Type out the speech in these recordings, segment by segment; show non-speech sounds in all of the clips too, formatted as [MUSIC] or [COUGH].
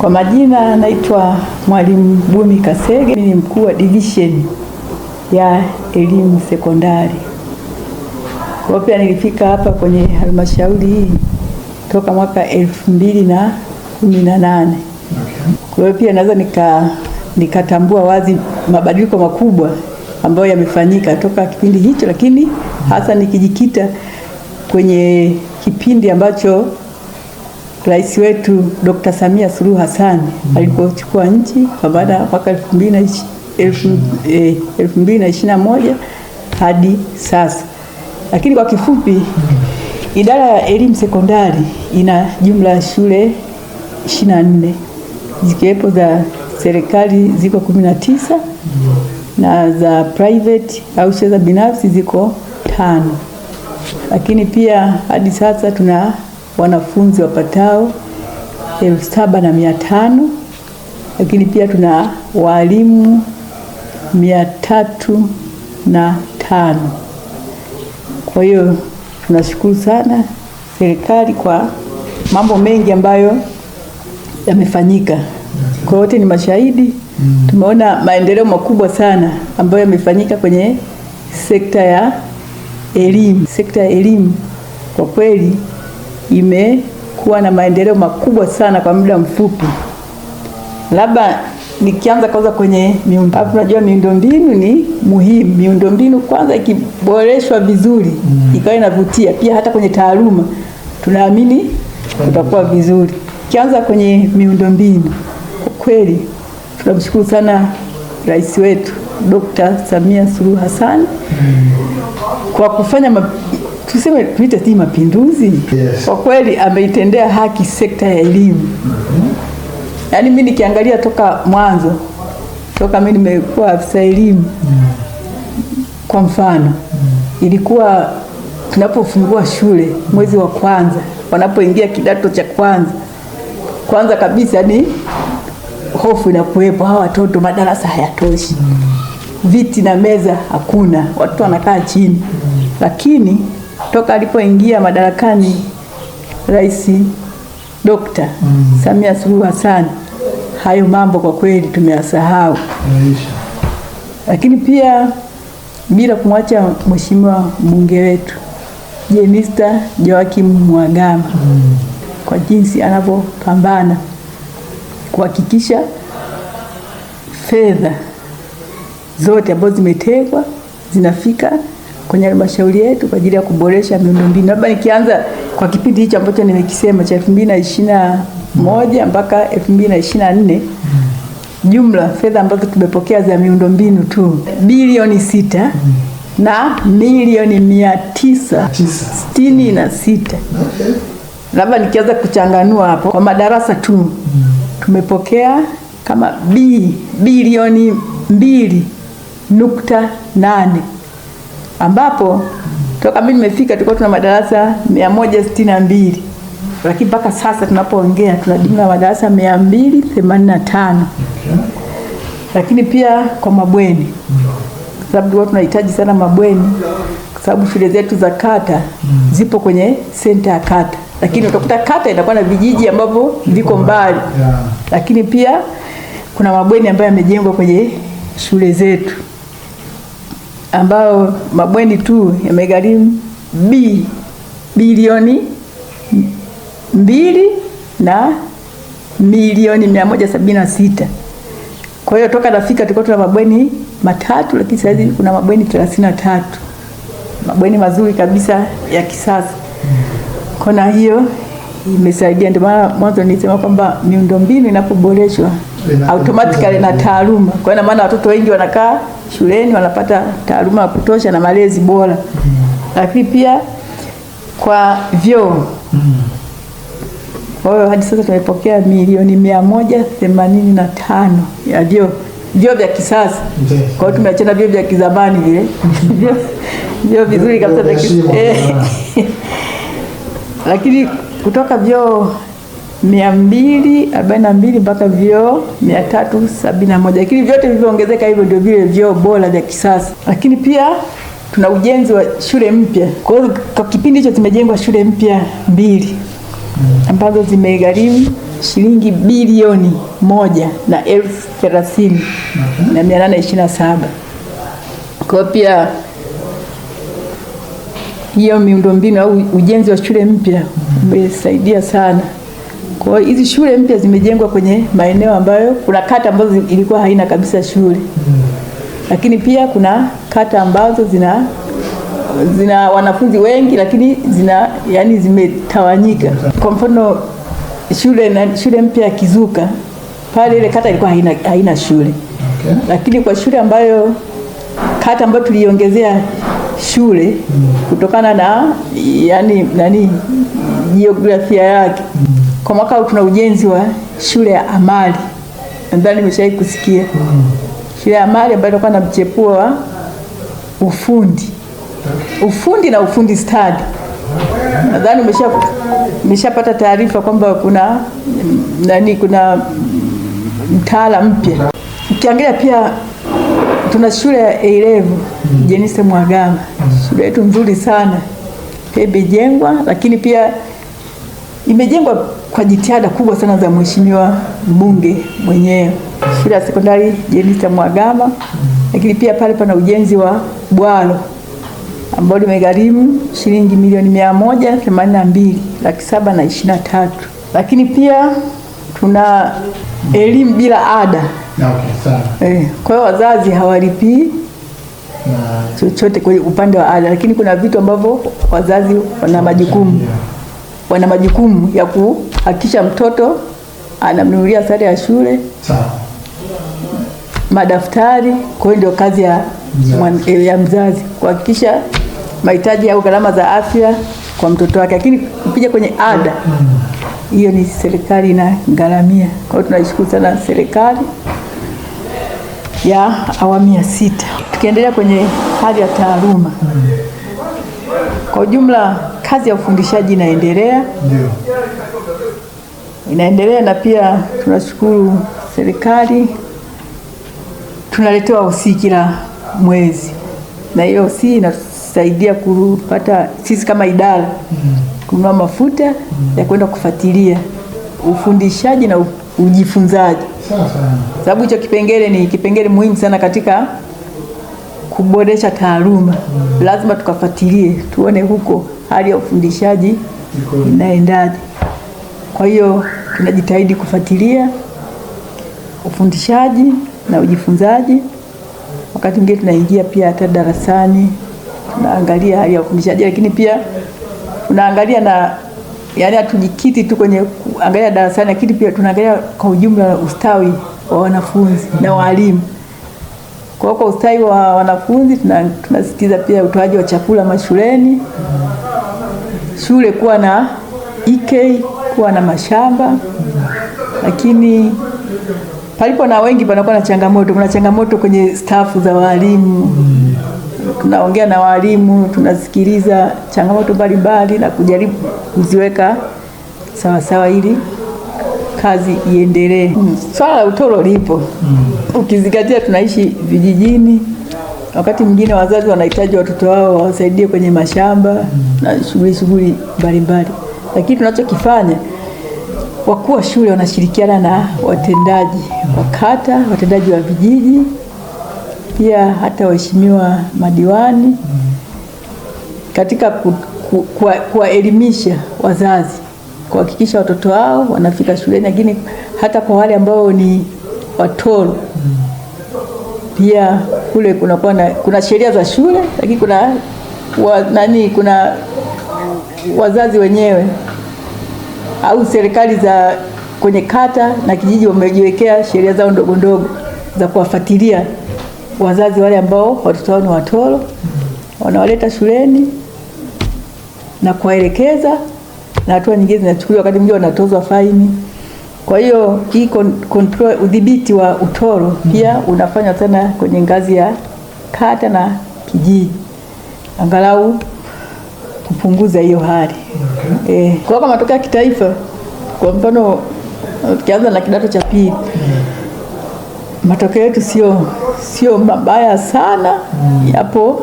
Kwa majina naitwa Mwalimu Bumi Kasege, ni mkuu wa divisheni ya elimu sekondari. Kwa pia nilifika hapa kwenye halmashauri hii toka mwaka elfu mbili na kumi na nane. Kwa hiyo pia naweza nika nikatambua wazi mabadiliko makubwa ambayo yamefanyika toka kipindi hicho, lakini hasa nikijikita kwenye kipindi ambacho Rais wetu Dr. Samia Suluhu Hassan mm alipochukua nchi kwa baada ya mwaka 2021 eh, hadi sasa. Lakini kwa kifupi mm-hmm. idara ya elimu sekondari ina jumla ya shule 24 zikiwepo za serikali ziko 19 mm mm-hmm. na za private au shule za binafsi ziko tano, lakini pia hadi sasa tuna wanafunzi wapatao elfu saba na mia tano lakini pia tuna walimu mia tatu na tano. Kwa hiyo tunashukuru sana serikali kwa mambo mengi ambayo yamefanyika. Kwa wote ni mashahidi, mm. tumeona maendeleo makubwa sana ambayo yamefanyika kwenye sekta ya elimu. Sekta ya elimu kwa kweli imekuwa na maendeleo makubwa sana kwa muda mfupi. Labda nikianza kwanza kwenye miundo, tunajua miundombinu ni muhimu. Miundombinu kwanza ikiboreshwa vizuri, mm. ikawa inavutia pia, hata kwenye taaluma tunaamini kutakuwa vizuri. Kianza kwenye miundombinu, kwa kweli tunamshukuru sana rais wetu Dr. Samia Suluhu Hassan kwa kufanya ma, tuseme tuite hii mapinduzi yes. Kwa kweli ameitendea haki sekta ya elimu mm -hmm. Yaani mimi nikiangalia toka mwanzo toka mimi nimekuwa afisa elimu mm -hmm. Kwa mfano mm -hmm. Ilikuwa tunapofungua shule mwezi wa kwanza, wanapoingia kidato cha kwanza, kwanza kabisa ni hofu inakuwepo, hawa watoto madarasa hayatoshi mm -hmm viti na meza hakuna, watu wanakaa chini. Lakini toka alipoingia madarakani Rais Dokta mm. Samia Suluhu Hassan, hayo mambo kwa kweli tumeyasahau, lakini pia bila kumwacha mheshimiwa mbunge wetu Jenista Joakim mwagama mm. kwa jinsi anavyopambana kuhakikisha fedha zote ambazo zimetengwa zinafika kwenye halmashauri yetu kwa ajili ya kuboresha miundombinu. Labda nikianza kwa kipindi hicho ambacho nimekisema cha 2021 mpaka 2024, jumla fedha ambazo tumepokea za miundombinu tu bilioni sita na milioni mia tisa sitini na sita. Labda nikianza kuchanganua hapo kwa madarasa tu tumepokea kama bilioni mbili nukta nane ambapo toka mimi nimefika tulikuwa tuna madarasa mia moja sitini na mbili lakini mpaka sasa tunapoongea tuna jumla ya madarasa mia mbili themanini na tano lakini pia kwa mabweni, kwa sababu tulikuwa tunahitaji sana mabweni, kwa sababu shule zetu za kata zipo kwenye senta ya kata, lakini utakuta kata inakuwa na vijiji ambavyo viko mbali, lakini pia kuna mabweni ambayo yamejengwa kwenye shule zetu ambayo mabweni tu yamegharimu b bilioni mbili na milioni mia moja sabini na sita. Kwa hiyo toka nafika tulikuwa tuna mabweni matatu, lakini sasa hivi kuna mabweni thelathini na tatu, mabweni mazuri kabisa ya kisasa. Kona hiyo imesaidia, ndio maana mwanzo nilisema kwamba miundombinu inapoboreshwa automatically na taaluma, kwa hiyo na maana watoto wengi wanakaa shuleni wanapata taaluma ya kutosha na malezi bora, lakini pia kwa vyoo. Kwa hiyo hadi sasa tumepokea milioni mia moja themanini na tano ya vyoo vyoo vya kisasa. Kwa hiyo tumeachana vyoo vya kizamani vile [LAUGHS] vyoo vizuri kabisa, [LAUGHS] lakini kutoka vyoo 242 mpaka vyoo 371, lakini vyote vilivyoongezeka hivyo ndio vile vyoo bora vya kisasa. Lakini pia tuna ujenzi wa shule mpya. Kwa hiyo kwa kipindi hicho zimejengwa shule mpya mbili ambazo zimegharimu shilingi bilioni moja na elfu thelathini na mia nane ishirini na saba. Kwa pia hiyo miundombinu au ujenzi wa shule mpya umesaidia sana. Kwa hiyo hizi shule mpya zimejengwa kwenye maeneo ambayo kuna kata ambazo ilikuwa haina kabisa shule, lakini pia kuna kata ambazo zina zina wanafunzi wengi lakini zina yani zimetawanyika. Kwa mfano shule na shule mpya ya Kizuka pale, ile kata ilikuwa haina, haina shule okay. Lakini kwa shule ambayo kata ambayo tuliongezea shule mm. kutokana na yani nani jiografia yake mm. Kwa mwaka huu tuna ujenzi wa shule ya amali, nadhani nimeshawahi kusikia shule ya amali ambayo itakuwa na mchepuo wa ufundi, ufundi na ufundi stadi. Nadhani umeshapata taarifa kwamba kuna nani, kuna mtaala mpya. Ukiangalia pia tuna shule ya elevu Jenista Mhagama, shule yetu nzuri sana pia imejengwa, lakini pia imejengwa kwa jitihada kubwa sana za mheshimiwa mbunge mwenyewe, shule ya sekondari Jenista Mhagama, lakini pia pale pana ujenzi wa bwalo ambao limegharimu shilingi milioni mia moja themanini na mbili laki saba na ishirini na tatu. Lakini pia tuna elimu bila ada okay, eh, kwa hiyo wazazi hawalipii chochote kwenye upande wa ada, lakini kuna vitu ambavyo wazazi wana majukumu wana majukumu ya kuhakikisha mtoto anamnunulia sare ya shule Sawa. madaftari. Kwa hiyo ndio kazi ya, mzazi. Eh, ya mzazi kuhakikisha mahitaji au gharama za afya kwa mtoto wake, lakini ukija kwenye ada mm. hiyo ni serikali inagharamia. Kwa hiyo tunaishukuru sana serikali ya awamu ya sita. Tukiendelea kwenye hali ya taaluma mm. kwa ujumla kazi ya ufundishaji inaendelea, inaendelea na pia tunashukuru serikali, tunaletewa usii kila mwezi, na hiyo si inatusaidia kupata sisi kama idara mm-hmm. kununua mafuta mm-hmm. ya kwenda kufuatilia ufundishaji na ujifunzaji, sababu hicho kipengele ni kipengele muhimu sana katika kuboresha taaluma. Mm-hmm. Lazima tukafuatilie tuone huko hali ya ufundishaji inaendaje. Kwa hiyo tunajitahidi kufuatilia ufundishaji na ujifunzaji. Wakati mwingine tunaingia pia hata darasani tunaangalia hali ya ufundishaji, lakini pia tunaangalia na yaani hatujikiti tu kwenye kuangalia darasani, lakini pia tunaangalia kwa ujumla ustawi wa wanafunzi na walimu. Kwa kwa ustawi wa wanafunzi tunasisitiza pia utoaji wa chakula mashuleni, shule kuwa na EK, kuwa na mashamba, lakini palipo na wengi panakuwa na changamoto. Kuna changamoto kwenye stafu za walimu, tunaongea na walimu, tunasikiliza changamoto mbalimbali na kujaribu kuziweka sawasawa ili kazi iendelee. Mm. Swala la utoro lipo. Mm. Ukizingatia tunaishi vijijini, wakati mwingine wazazi wanahitaji watoto wao wawasaidie kwenye mashamba mm. na shughuli shughuli mbalimbali, lakini tunachokifanya wakuu wa shule wanashirikiana na watendaji wa kata, watendaji wa vijiji, pia hata waheshimiwa madiwani mm. katika kuwaelimisha ku, ku, ku, wazazi kuhakikisha watoto wao wanafika shuleni, lakini hata kwa wale ambao ni watoro pia kule kuna, kuna, kuna sheria za shule lakini kuna wa, nani kuna wazazi wenyewe au serikali za kwenye kata na kijiji wamejiwekea sheria zao ndogo ndogo za kuwafuatilia wazazi wale ambao watoto wao ni watoro, wanawaleta shuleni na kuwaelekeza na hatua nyingine zinachukuliwa wakati mwingine wanatozwa faini. Kwa hiyo hii control, udhibiti wa utoro pia mm-hmm. unafanywa tena kwenye ngazi ya kata na kijiji, angalau kupunguza hiyo hali okay. Eh, kwa kama matokeo ya kitaifa, kwa mfano tukianza na kidato cha pili mm. matokeo yetu sio sio mabaya sana, mm. yapo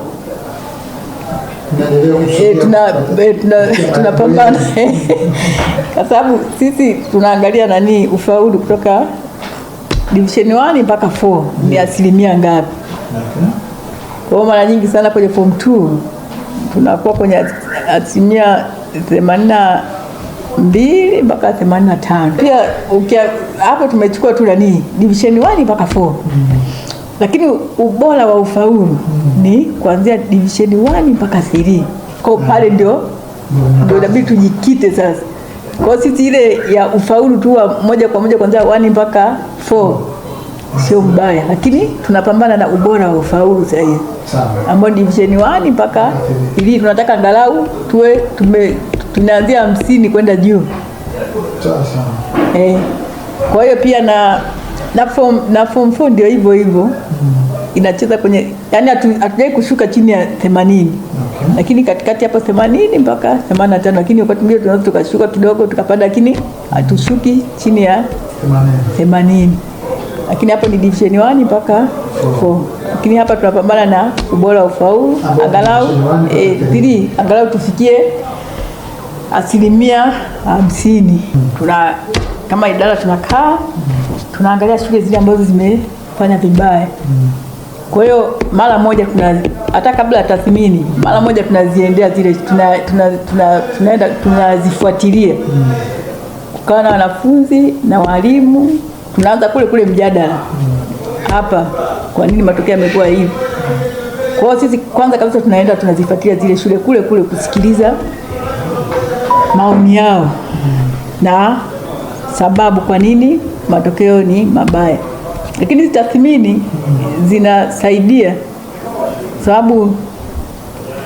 Eh, eh, tunapambana [LAUGHS] kwa sababu sisi tunaangalia nani ufaulu kutoka divisheni 1 mpaka 4 ni mm. asilimia ngapi? Mm-hmm. Kwa hiyo mara nyingi sana kwenye form 2 tunakuwa kwenye asilimia themanini na mbili mpaka themanini na tano. Pia hapo tumechukua tu nani divisheni 1 mpaka 4 lakini ubora wa ufaulu mm. ni kuanzia divisheni 1 mpaka 3 kwa pale ndio ndio inabidi tujikite sasa. Kwa sisi ile ya ufaulu tu wa moja kwa moja kuanzia 1 mpaka 4 sio mbaya, lakini tunapambana na ubora wa ufaulu sasa hivi ambao division 1 mpaka 3 tunataka angalau tuwe tume tunaanzia hamsini kwenda juu eh. Kwa hiyo pia na na form na form 4 ndio hivyo hivyo inacheza kwenye yani, hatujai kushuka chini ya 80 okay. Lakini katikati hapo 80 mpaka 85, lakini wakati mwingine tunaweza tukashuka kidogo tukapanda, lakini hatushuki chini ya 80, lakini hapo ni division 1 mpaka 4. Lakini hapa tunapambana na ubora ufaulu, angalau 3 eh, angalau tufikie asilimia hamsini. Hmm. Tuna kama idara tunakaa hmm. tunaangalia shule zile ambazo zimefanya vibaya. Hmm. Kwa hiyo mara moja tuna hata kabla ya tathmini, mara moja tunaziendea zile tunaenda tuna, tuna, tuna tunazifuatilia Kukawa na wanafunzi na walimu, tunaanza kule kule mjadala hapa, kwa nini matokeo yamekuwa hivi. Kwa sisi kwanza kabisa tunaenda tunazifuatilia zile shule kule kule kusikiliza maoni yao na sababu kwa nini matokeo ni mabaya. Lakini hizi tathmini zinasaidia sababu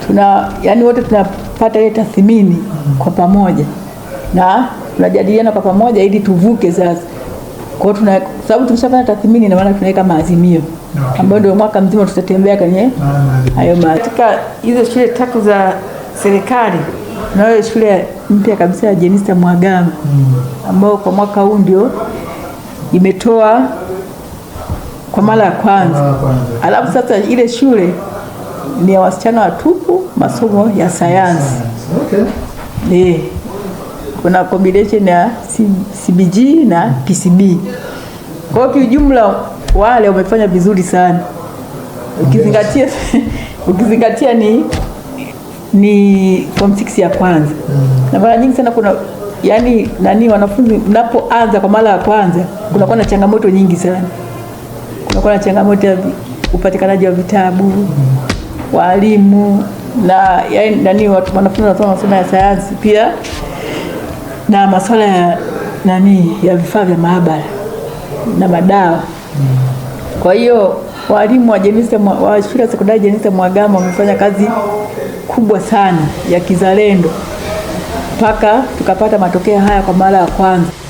tuna yani, wote tunapata ile tathmini kwa pamoja na tunajadiliana kwa pamoja ili tuvuke sasa. Kwa hiyo sababu tumeshafanya tathmini, na maana tunaweka maazimio okay, ambayo ndio mwaka mzima tutatembea kwenye hayo katika hizo shule tatu za serikali. Tunayo shule mpya kabisa ya Jenista Mhagama ambayo kwa mwaka huu ndio imetoa kwa mara ya kwanza. Alafu sasa ile shule ni ya wasichana watupu, masomo ya sayansi okay. Kuna combination ya CBG na PCB. Kwa hiyo kiujumla wale wamefanya vizuri sana ukizingatia, [LAUGHS] ukizingatia ni ni form 6 ya kwanza mm. Na mara nyingi sana kuna yani nani wanafunzi mnapoanza kwa mara ya kwanza kunakuwa na changamoto nyingi sana. Kumekuwa na changamoto ya upatikanaji wa vitabu, walimu na yaani nani watu wanafunzi wanasoma masomo ya sayansi pia na masuala ya nani ya vifaa vya maabara na madawa. Kwa hiyo walimu wa Jenista wa shule ya sekondari Jenista Mhagama wamefanya kazi kubwa sana ya kizalendo mpaka tukapata matokeo haya kwa mara ya kwanza.